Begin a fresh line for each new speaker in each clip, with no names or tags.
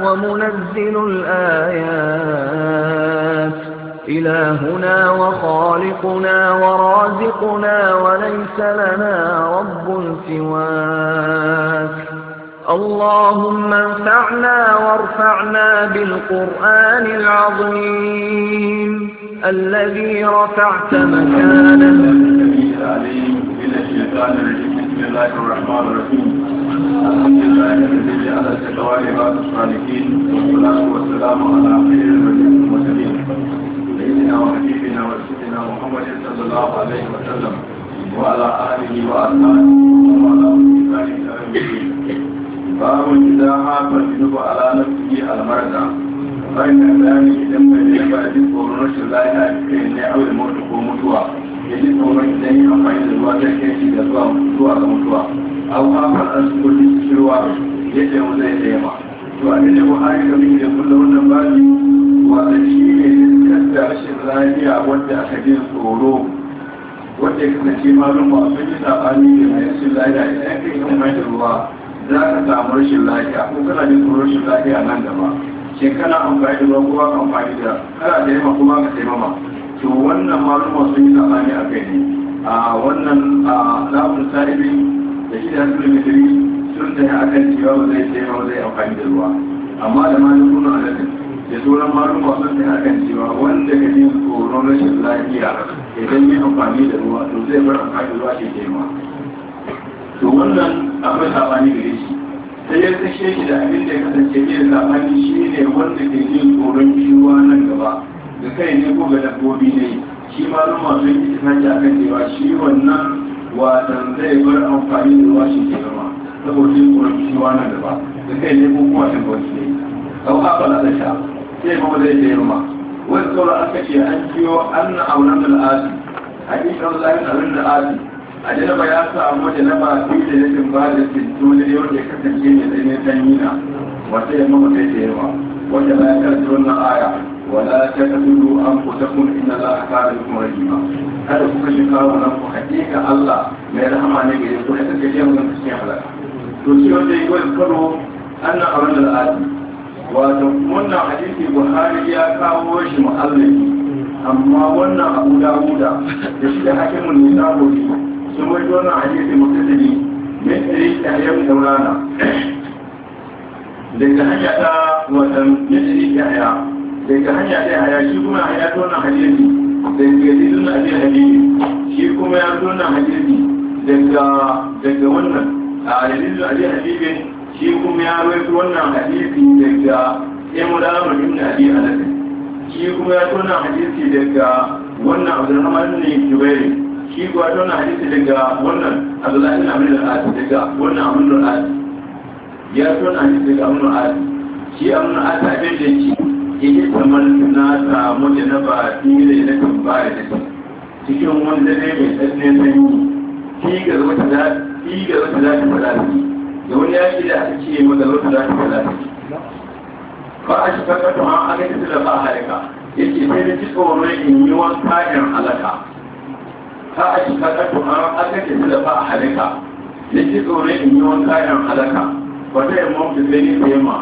ومنزل الآيات إلهنا وخالقنا ورازقنا وليس لنا رب سواك اللهم انفعنا وارفعنا بالقرآن العظيم الذي رفعت مكانا
بسم الله الرحمن الرحيم الحمد لله الذي عليه وسلم وعلى آله وأصحابه وعلى ذلك أجمعين باب إذا حاف الجنوب على نفسه المرضى فإن ذلك إذا كان يبعد قرون الله كأن أو الموت كمتوى يجب أن يكون أمين الواجه كيف يدعو متوى كمتوى أو حاف الأسفل للشروع يجب أن يكون to a da buhari da muke da kullum wannan babi wanda shi ne da rashin lafiya wanda aka jin tsoro wanda ya kasance malum ba sun yi sabani da mai rashin lafiya idan kai kan mai ruwa za ka samu rashin lafiya ko kana jin tsoron rashin lafiya nan gaba shin kana amfani da ruwa ko ba amfani da kana da yamma kuma ka taimama to wannan malum sun yi sabani a kai ne a wannan a lafin sa'ibi da shi da hasulun mitri sun tafi kan cewa ba zai taimama zai amfani da ruwa amma da malum kuna alalin da sauran malum sun tafi kan cewa wanda ka jin tsoron rashin lafiya idan yi amfani da ruwa to zai bar amfani ruwa ke girma to wannan akwai sabani gare shi sai ya kashe shi da abin da ya kasance ne sabani shi ne wanda ke jin tsoron kiwa nan gaba da kai ne ko ga dabbobi ne shi ma ruma sun yi tafi akan cewa shi wannan watan zai bar amfani da ruwa shi ke girma saboda jin tsoron kiwa nan gaba da kai ne ko kuma shi ba shi ne kawai ba za da sha sai kuma zai girma wani saura aka ce an kiyo an na auren al'adu hakika wani zahin abin da al'adu a ba ya samu janaba biyu da nufin ba da fito da yau da kasance da tsaye sanyi na wata yamma mata da yawa wata ba ya karanta wannan aya wala ta kasuru an kusa kun inna za a kare kuma rahima kada kuka shi kawo nan ku hakika Allah mai rahama ne ga yanzu da kasance da yawan halaka to shi wanda ya yi wani karo an na auren al'adu wato wannan hadisi buhari ya kawo shi mu'allafi amma wannan abu dawuda da shi da hakimin nisaburi sun wani wannan hadisi mutasiri min tsiri da yau daurana daga hanya ta watan ya tsiri da haya daga hanya ta haya shi kuma haya ta wannan hadisi daga zidun abin hadisi shi kuma ya ta wannan hadisi daga wannan a zidun abin hadisi shi kuma ya rawaito wannan hadisi daga imran ibn abi anas shi kuma ya tona hadisi daga wannan abdurrahman ibn jubair shi kuma ya tona hadisi daga wannan Abdullah ibn amr al-as daga wannan amr al-as ya tona hadisi daga amr al-as shi amr al-as ce da shi yake kamar na ta da na ba shi ne da kan baya da cikin wanda ne mai tsanne sanyi tigar wata za ta fada yaki da ake yi wanda zuwa da lafi ba a shi kaka to an aka da ba halaka ce sai da ci tsoron in yi wani tsarin halaka ba a shi kaka to an aka tafi da ba halaka yake tsoron in yi wani tsarin halaka ba zai mafi sai ni sai ma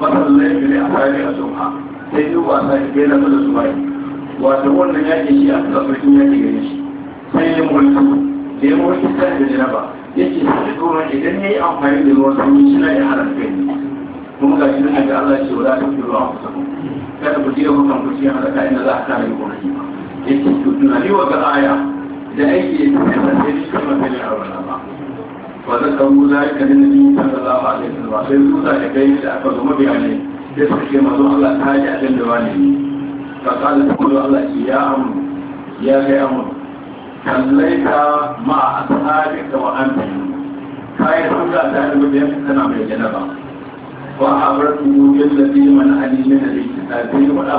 masan laifin a tsari a tsoha sai yi wasa gaina su da su bai wannan shi a tsarkin yaki shi sai ya mulki da ya mulki sai da jinaba yake sai idan ya yi amfani da ruwan sanyi suna ya haramta kuma ga shi Allah ce wala ta fi ruwa kusa kada ku ku cikin halaka inda za a kare to wa ga aya da aiki da ta sai shi kuma sai ya aure ba wa nabi ba? sai da kai da aka mazo Allah ta da wani ka kala Allah ya amu ya kai amu ta yi mutum yanku tana mai jana ba mana ne